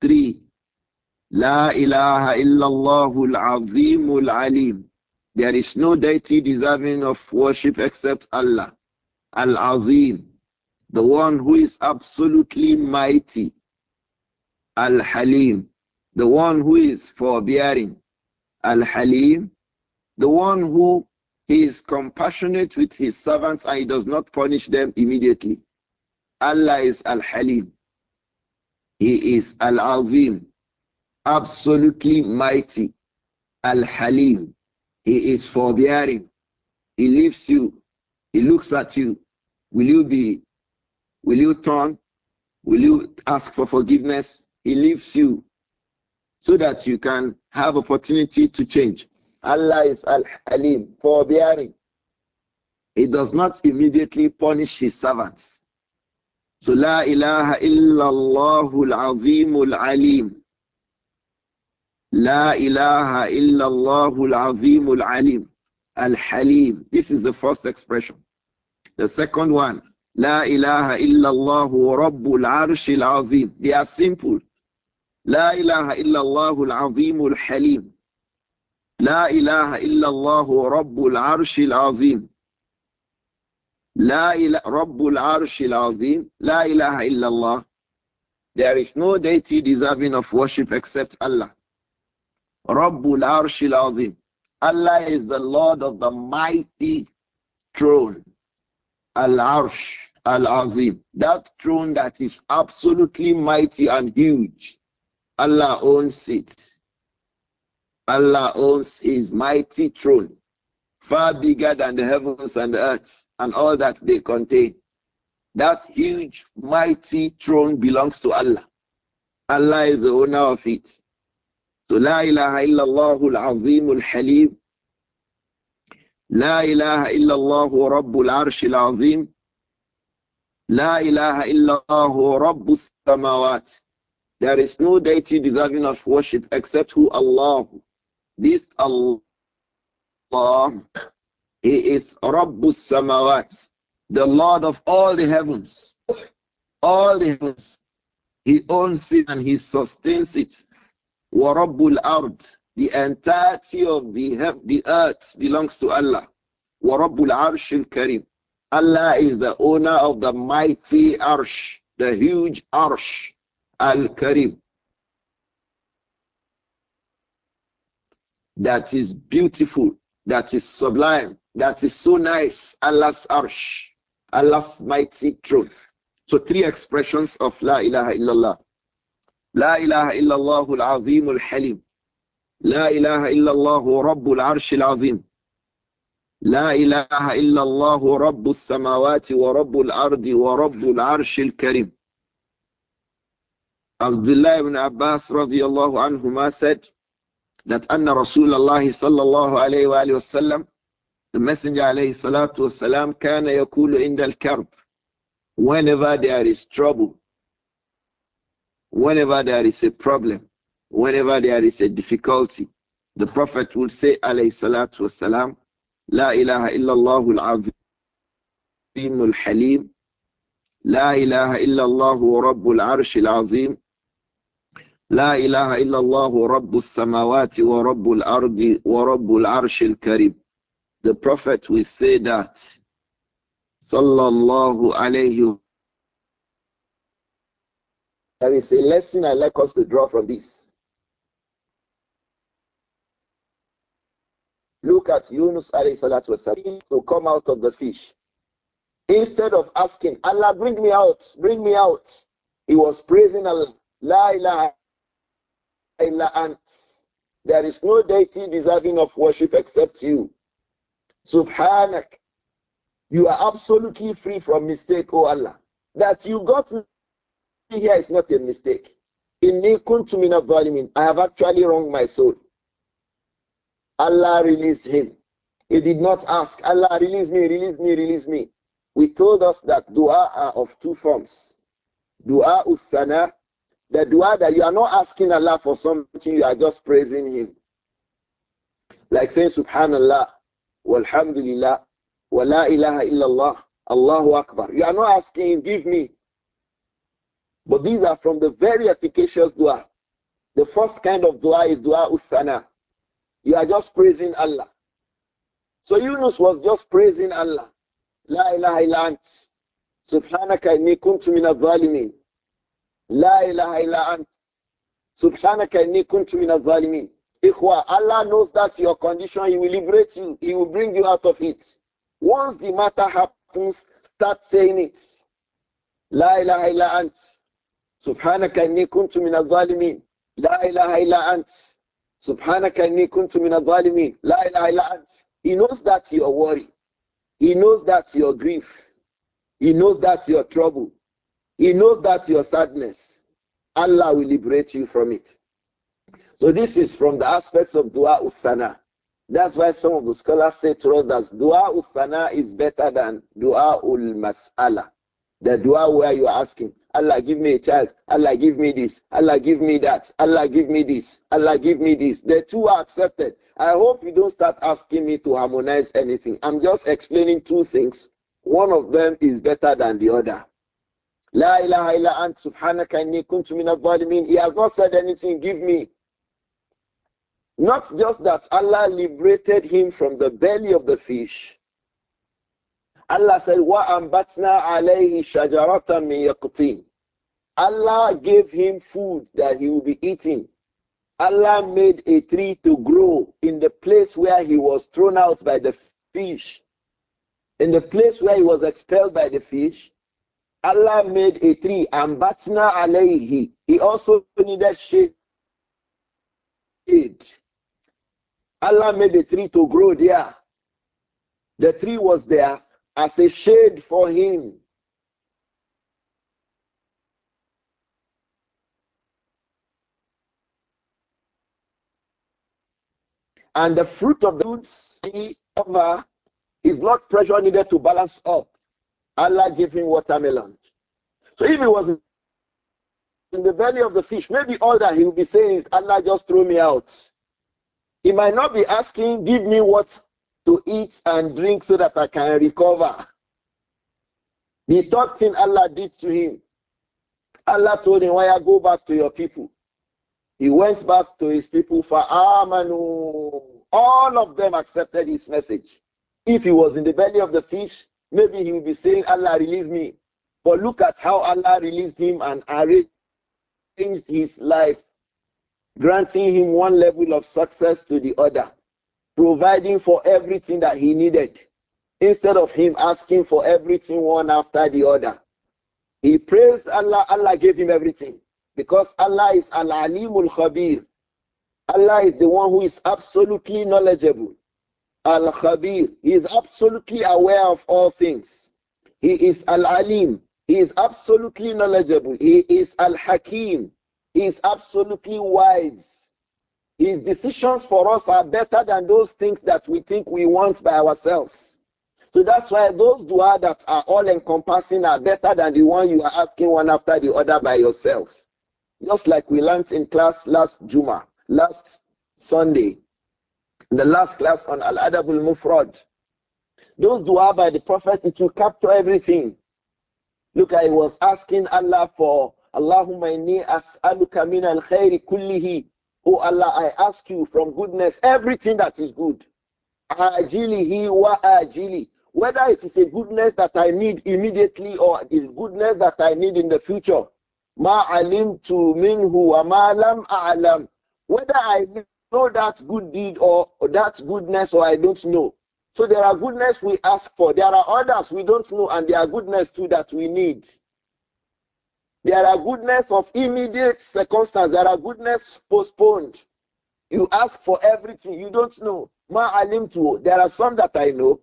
Three. La ilaha إلا al العظيم al There is no deity deserving of worship except Allah. Al-azim. The one who is absolutely mighty. Al-halim. The one who is forbearing. Al Halim, the one who he is compassionate with his servants and he does not punish them immediately. Allah is Al Halim. He is Al Azim, absolutely mighty. Al Halim. He is forbearing. He leaves you. He looks at you. Will you be? Will you turn? Will you ask for forgiveness? He leaves you so that you can have opportunity to change. Allah is Al-Halim, forbearing. He does not immediately punish his servants. So La ilaha illallah al-azim al-alim. La ilaha illallah al-azim al-alim. Al-halim. This is the first expression. The second one, La ilaha illallah rabbul arshil azim. They are simple. لا إله إلا الله العظيم الحليم لا إله إلا الله رب العرش العظيم لا إله رب العرش العظيم لا إله إلا الله There is no deity deserving of worship except Allah. رَبُّ الْعَرْشِ الْعَظِيمِ Allah is the Lord of the mighty throne. الْعَرْشُ الْعَظِيمُ That throne that is absolutely mighty and huge. Allah owns it. Allah owns his mighty throne, far bigger than the heavens and the earth and all that they contain. That huge, mighty throne belongs to Allah. Allah is the owner of it. So La ilaha illallah al-azim al-halim. La ilaha illallah rabbul arsh al-azim. La ilaha illallah rabbus samawat. There is no deity deserving of worship except who Allah. This Allah, He is Rabbus Samawat, the Lord of all the heavens. All the heavens. He owns it and He sustains it. Warabbul Ard, the entirety of the, the earth belongs to Allah. Warabbul Arshil Karim. Allah is the owner of the mighty Arsh, the huge Arsh. Al-Karim. That is beautiful, that is sublime, that is so nice. Allah's arsh, Allah's mighty throne. So three expressions of La ilaha illallah. La ilaha illallah al-azim al-halim. La ilaha illallah al arsh al-azim. لا إله إلا الله رب السماوات ورب الأرض ورب العرش الكريم Abdullah ibn Abbas radiallahu anhuma said that Anna Rasulullah sallallahu alayhi wa alayhi wa sallam, the Messenger alayhi salatu wa wasalam, kana yakulu inda al karb. Whenever there is trouble, whenever there is a problem, whenever there is a difficulty, the Prophet will say alayhi salatu wa wasalam, La ilaha illa illallah al-azim al-halim, La ilaha illallah rabbul arsh al-azim, لا إله إلا الله رب السماوات ورب الأرض ورب العرش الكريم The Prophet will say that صلى الله عليه There is a lesson I'd like us to draw from this. Look at Yunus alayhi salatu wasalam to come out of the fish. Instead of asking, Allah, bring me out, bring me out, he was praising Allah. La ilaha illa Ants. There is no deity deserving of worship except you. Subhanak. You are absolutely free from mistake, O Allah. That you got me here is not a mistake. Inni kuntu min al I have actually wronged my soul. Allah released him. He did not ask, Allah release me, release me, release me. We told us that dua are of two forms. Dua uthana the dua that you are not asking Allah for something, you are just praising Him. Like saying Subhanallah, Walhamdulillah, Wa la ilaha illallah, Allahu Akbar. You are not asking Him, give me. But these are from the very efficacious dua. The first kind of dua is dua uthana. You are just praising Allah. So Yunus was just praising Allah. La ilaha illa ant. Subhanaka inni kuntu min al-zalimin. La ilaha illa ant. Subhanaka inni kuntu min al-zalimin. Ikhwa, Allah knows that your condition, He will liberate you. He will bring you out of it. Once the matter happens, start saying it. La ilaha illa ant. Subhanaka inni kuntu min al-zalimin. La ilaha illa ant. Subhanaka inni kuntu min al-zalimin. La ilaha illa ant. He knows that you are worried. He knows that you are grief. He knows that you are trouble. He knows that your sadness. Allah will liberate you from it. So this is from the aspects of dua uthana. That's why some of the scholars say to us that dua uthana is better than dua ul mas'ala. The dua where you're asking, Allah give me a child, Allah give me this, Allah give me that, Allah give me this, Allah give me this. The two are accepted. I hope you don't start asking me to harmonize anything. I'm just explaining two things. One of them is better than the other. La ilaha illa ant subhanaka inni kuntu He has not said anything, give me. Not just that Allah liberated him from the belly of the fish. Allah said, Wa ambatna alayhi shajaratan min yaqtin. Allah gave him food that he will be eating. Allah made a tree to grow in the place where he was thrown out by the fish. In the place where he was expelled by the fish, Allah made a tree and batna alayhi. He also needed shade. Allah made a tree to grow there. The tree was there as a shade for him. And the fruit of the tree, his blood pressure needed to balance up. Allah gave him watermelon. So if he was in the belly of the fish, maybe all that he will be saying is, Allah just threw me out. He might not be asking, give me what to eat and drink so that I can recover. The third thing Allah did to him, Allah told him, why I go back to your people. He went back to his people for Amanu. All of them accepted his message. If he was in the belly of the fish, Maybe he will be saying, Allah release me. But look at how Allah released him and arranged his life, granting him one level of success to the other, providing for everything that he needed. Instead of him asking for everything one after the other, he praised Allah. Allah gave him everything because Allah is Al Alimul Khabir. Allah is the one who is absolutely knowledgeable. Al Khabir. He is absolutely aware of all things. He is Al Alim. He is absolutely knowledgeable. He is Al Hakim. He is absolutely wise. His decisions for us are better than those things that we think we want by ourselves. So that's why those dua that are all encompassing are better than the one you are asking one after the other by yourself. Just like we learned in class last Juma, last Sunday, in the last class on Al Adabul Mufrad. Those dua by the Prophet, it will capture everything. Look, I was asking Allah for Allahumma inni as'aluka min al khairi kullihi. Oh Allah, I ask you from goodness everything that is good. Ajilihi wa ajili. Whether it is a goodness that I need immediately or the goodness that I need in the future. Ma alim tu minhu wa ma lam a'lam. Whether I know that good deed or, or that goodness or I don't know. So there are goodness we ask for. There are others we don't know, and there are goodness too that we need. There are goodness of immediate circumstance. There are goodness postponed. You ask for everything you don't know. Ma alim There are some that I know.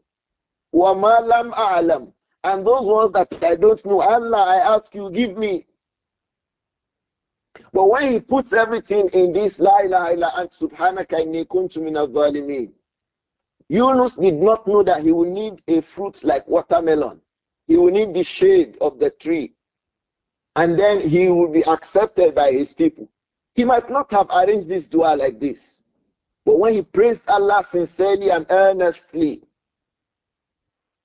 Wa ma a'lam. And those ones that I don't know, Allah, I ask you, give me. But when he puts everything in this La ilaha illa ant subhanaka inni kuntu minadh-dhalimin. Yunus did not know that he will need a fruit like watermelon. He will need the shade of the tree. And then he will be accepted by his people. He might not have arranged this dua like this. But when he praised Allah sincerely and earnestly,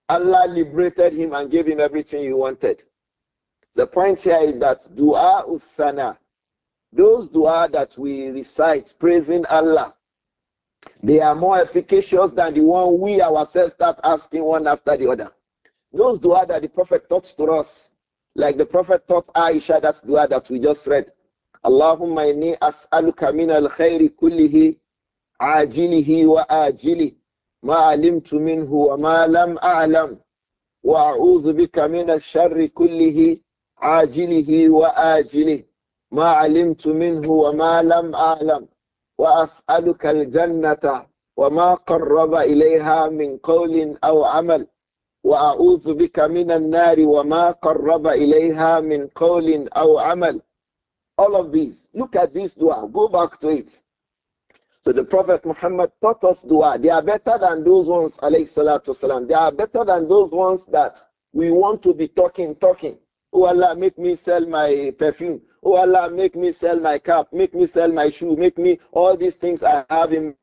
Allah liberated him and gave him everything he wanted. The point here is that dua usana, those dua that we recite praising Allah, they are more efficacious than the one we ourselves start asking one after the other. Those dua that the Prophet taught to us, like the Prophet taught Aisha, that dua that we just read. Allahumma inni as'aluka min al-khayri kullihi عاجله وآجله ما ma منه وما لم bika min al-shari kullihi, ajilihi wa وآجله ما علمت منه وما لم أعلم وأسألك الجنة وما قرب إليها من قول أو عمل وأعوذ بك من النار وما قرب إليها من قول أو عمل All of these. Look at this dua. Go back to it. So the Prophet Muhammad taught us dua. They are better than those ones, alayhi salatu wasalam. They are better than those ones that we want to be talking, talking. Oh Allah, make me sell my perfume. Oh Allah, make me sell my cap. Make me sell my shoe. Make me all these things I have in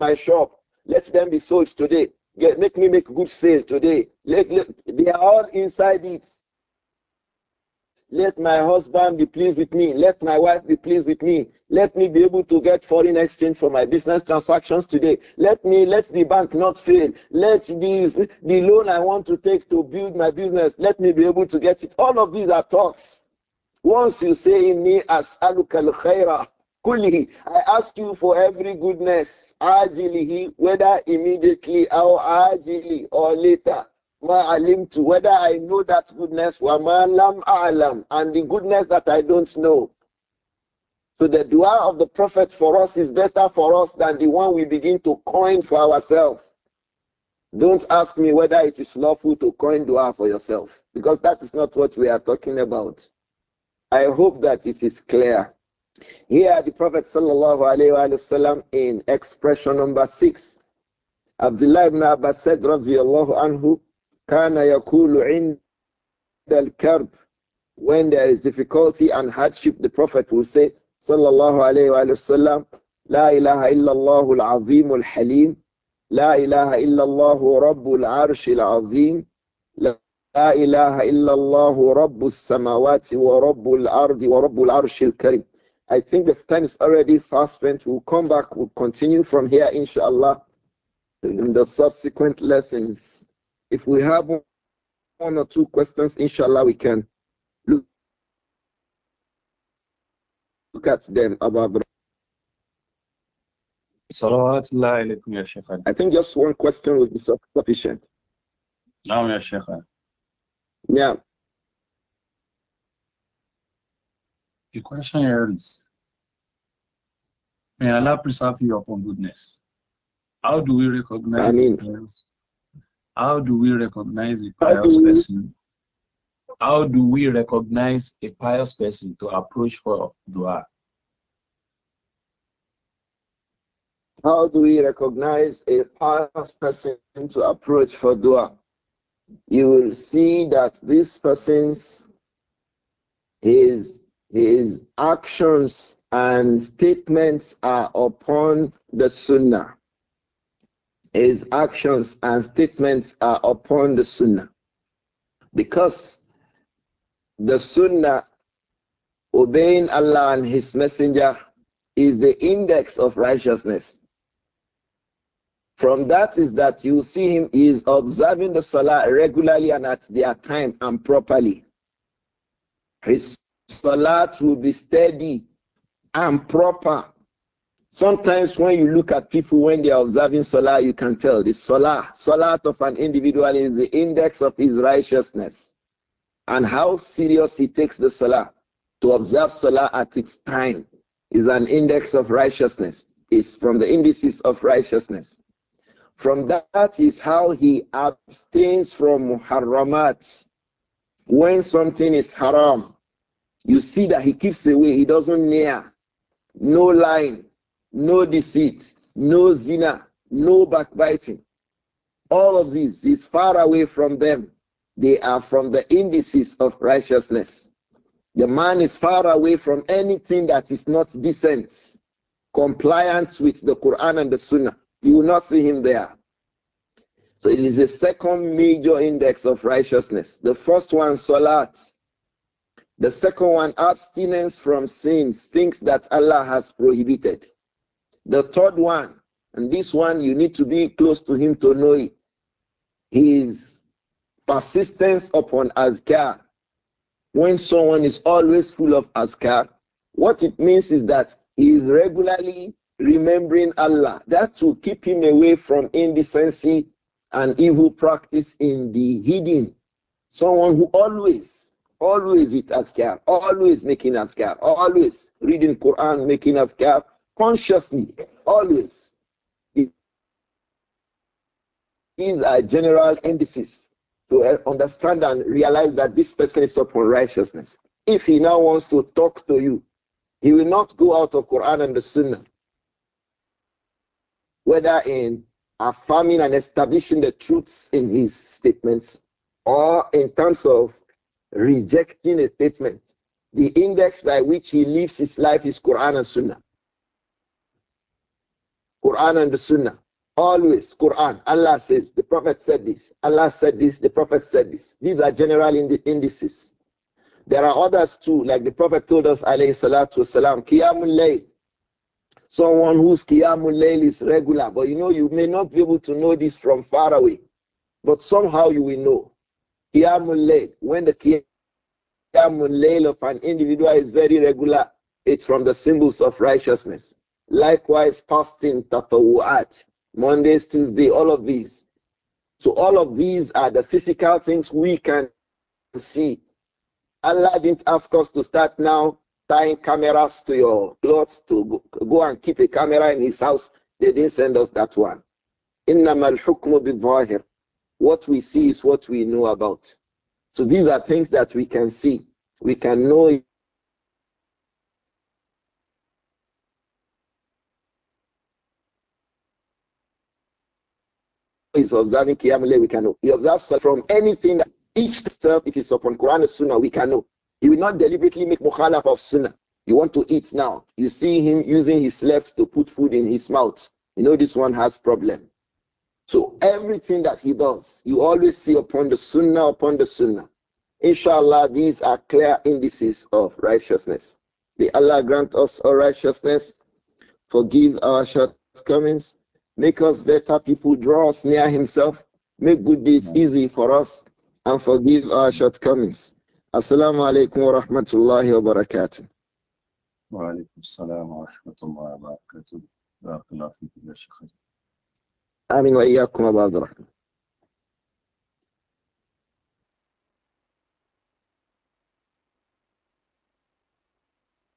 my shop. Let them be sold today. Get, make me make good sale today. Let, let, they are all inside it. Let my husband be pleased with me. Let my wife be pleased with me. Let me be able to get foreign exchange for my business transactions today. Let me let the bank not fail. Let these the loan I want to take to build my business. Let me be able to get it. All of these are talks. Once you say in me as alukal khaira kuli, I ask you for every goodness, ajilihi, whether immediately or ajili or later to whether I know that goodness, wa ma lam a'lam, and the goodness that I don't know. So the dua of the Prophet for us is better for us than the one we begin to coin for ourselves. Don't ask me whether it is lawful to coin dua for yourself, because that is not what we are talking about. I hope that it is clear. Here, the Prophet wasallam in expression number six, Abdullah ibn Abbas said, anhu, كان يقول عند الكرب when there is difficulty and hardship the prophet will say صلى الله عليه وآله وسلم لا إله إلا الله العظيم الحليم لا إله إلا الله رب العرش العظيم لا إله إلا الله رب السماوات ورب الأرض ورب العرش الكريم I think the time is already fast spent. We'll come back. We'll continue from here, inshallah, in the subsequent lessons. If we have one or two questions, inshallah, we can look, look at them. I think just one question would be sufficient. نعم يا شيخ The question is: May Allah preserve you upon goodness. How do we recognize I mean, the how do we recognize a pious person? How do we recognize a pious person to approach for dua? How do we recognize a pious person to approach for dua? You will see that this person's his his actions and statements are upon the sunnah his actions and statements are upon the Sunnah. Because the Sunnah, obeying Allah and His Messenger, is the index of righteousness. From that is that you see him is observing the Salah regularly and at their time and properly. His Salah will be steady and proper Sometimes when you look at people when they are observing Salah, you can tell the Salah, Salah of an individual is the index of his righteousness and how serious he takes the Salah. To observe Salah at its time is an index of righteousness. It's from the indices of righteousness. From that is how he abstains from haramat. When something is haram, you see that he keeps away, he doesn't near, no line no deceit, no zina, no backbiting. All of these is far away from them. They are from the indices of righteousness. The man is far away from anything that is not decent, compliant with the Quran and the Sunnah. You will not see him there. So it is the second major index of righteousness. The first one, salat. The second one, abstinence from sins, things that Allah has prohibited. The third one, and this one you need to be close to him to know it. His persistence upon azkar. When someone is always full of azkar, what it means is that he is regularly remembering Allah. That will keep him away from indecency and evil practice in the hidden. Someone who always, always with azkar, always making azkar, always reading Quran, making azkar consciously, always. These are general indices to understand and realize that this person is upon righteousness. If he now wants to talk to you, he will not go out of Quran and the Sunnah, whether in affirming and establishing the truths in his statements or in terms of rejecting a statement. The index by which he lives his life is Quran and Sunnah. Quran and the Sunnah. Always Quran. Allah says, the Prophet said this. Allah said this, the Prophet said this. These are general indices. There are others too, like the Prophet told us, alayhi salatu wasalam, Qiyamul Layl. Someone whose Qiyamul Layl is regular. But you know, you may not be able to know this from far away. But somehow you will know. Qiyamul Layl. When the Qiyamul Layl of an individual is very regular, it's from the symbols of righteousness. Likewise, fasting, tatawu'at, Mondays, Tuesday, all of these. So all of these are the physical things we can see. Allah didn't ask us to start now tying cameras to your clothes to go and keep a camera in his house. They didn't send us that one. إِنَّمَا الْحُكْمُ بِالظَّاهِرِ What we see is what we know about. So these are things that we can see. We can know is observing Qiyamule, we can know. He observes from anything that each self it is upon Quran and Sunnah, we can know. He will not deliberately make mukhalaf of Sunnah. You want to eat now. You see him using his left to put food in his mouth. You know this one has problem. So everything that he does, you always see upon the Sunnah, upon the Sunnah. Inshallah, these are clear indices of righteousness. May Allah grant us all righteousness, forgive our shortcomings, make us better people, draw us near Himself, make good deeds easy for us, and forgive our shortcomings. Assalamu alaikum wa rahmatullahi wa barakatuh. Wa alaikum assalam wa rahmatullahi wa barakatuh. بارك الله فيك يا شيخ. امين واياكم ابا عبد الرحمن